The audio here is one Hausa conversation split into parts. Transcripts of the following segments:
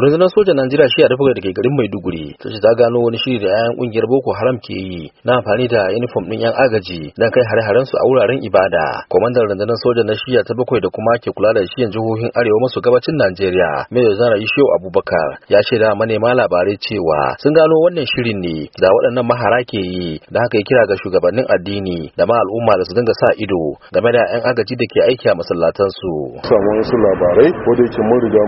rundunar sojan najeriya shi a dafa da garin maiduguri ta shi ta gano wani shiri da yayan kungiyar boko haram ke yi na amfani da uniform din yan agaji don kai hare-haren su a wuraren ibada kwamandan rundunar sojan na shiya ta bakwai da kuma ke kula da shiyan jihohin arewa maso gabacin najeriya mai zara yishiyo abubakar ya ce da manema labarai cewa sun gano wannan shirin ne da waɗannan mahara ke yi da haka ya kira ga shugabannin addini da ma al'umma da su dinga sa ido game da yan agaji da ke aiki a masallatansu. samu wasu labarai wadda yake mun riga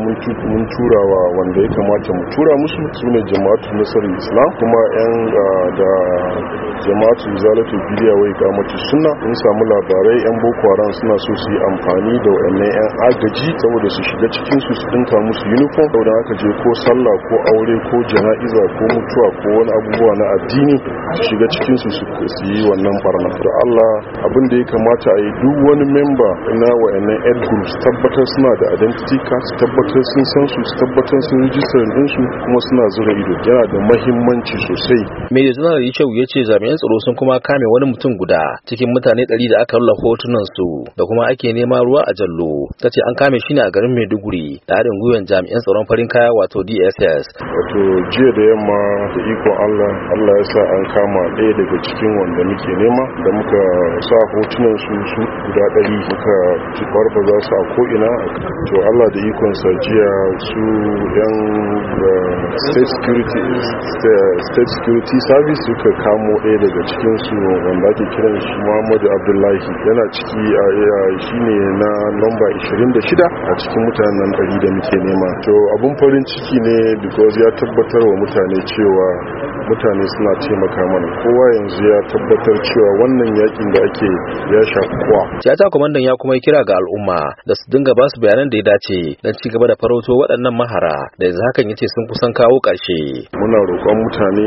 mun turawa wanda ya kamata mu tura musu su ne jama'atu nasarar islam kuma yan ah, da jama'atu zalatu biliya wai ga mace suna in samu labarai yan boko haram suna so su yi amfani da waɗannan yan agaji saboda su shiga cikin su su dinka musu uniform saboda aka je ko sallah ko aure ko jana'iza ko mutuwa ko wani abubuwa na addini su shiga cikin su su yi wannan barna da Allah abin da ya kamata a yi duk wani memba na wa'annan ed groups tabbatar suna da identity card tabbatar sun san su tabbatar sun rijistar su kuma suna zura ido yana da mahimmanci sosai mai janar yace ya ce jami'an tsaro sun kuma kame wani mutum guda cikin mutane ɗari da aka rula hotunan su da kuma ake nema ruwa a jallo ta ce an kame shi ne a garin maiduguri da haɗin gwiwan jami'an tsaron farin kaya wato dss wato jiya da yamma da ikon allah allah ya sa an kama ɗaya daga cikin wanda muke nema da muka sa hotunan su su guda ɗari muka barba za su a ko'ina to allah da ikon sa jiya su yan eh, state security eh, state security service suka kamo ɗaya daga cikinsu wanda ake kiran shi muhammadu abdullahi yana ciki a shi ne na lamba 26 a cikin mutanen ɗari da muke nema to abun farin ciki ne because ya tabbatar wa mutane cewa mutane suna taimaka mana kowa yanzu ya tabbatar cewa wannan yakin da ake ya kuwa. ya ta kwamandan ya kuma yi kira ga al'umma da su dinga ba su bayanan da ya dace don ci gaba da farauto waɗannan mahara da yanzu hakan ce sun kusan kawo ƙarshe muna roƙon mutane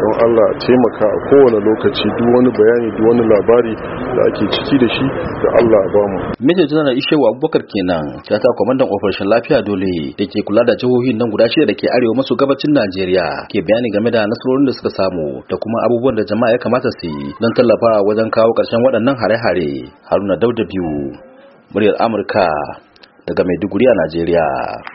don Allah taimaka a kowane lokaci duk wani bayani duk wani labari da ake ciki da shi da Allah ba mu Major ishe wa Abubakar kenan ya ta kwamandan ofishin lafiya dole da ke kula da jihohin nan guda shida da ke arewa maso gabacin Najeriya ke bayani game da nasarorin da suka samu da kuma abubuwan da jama'a ya kamata su yi don tallafa wajen kawo ƙarshen waɗannan hare-hare Haruna Dauda biyu muryar Amurka daga Maiduguri a Najeriya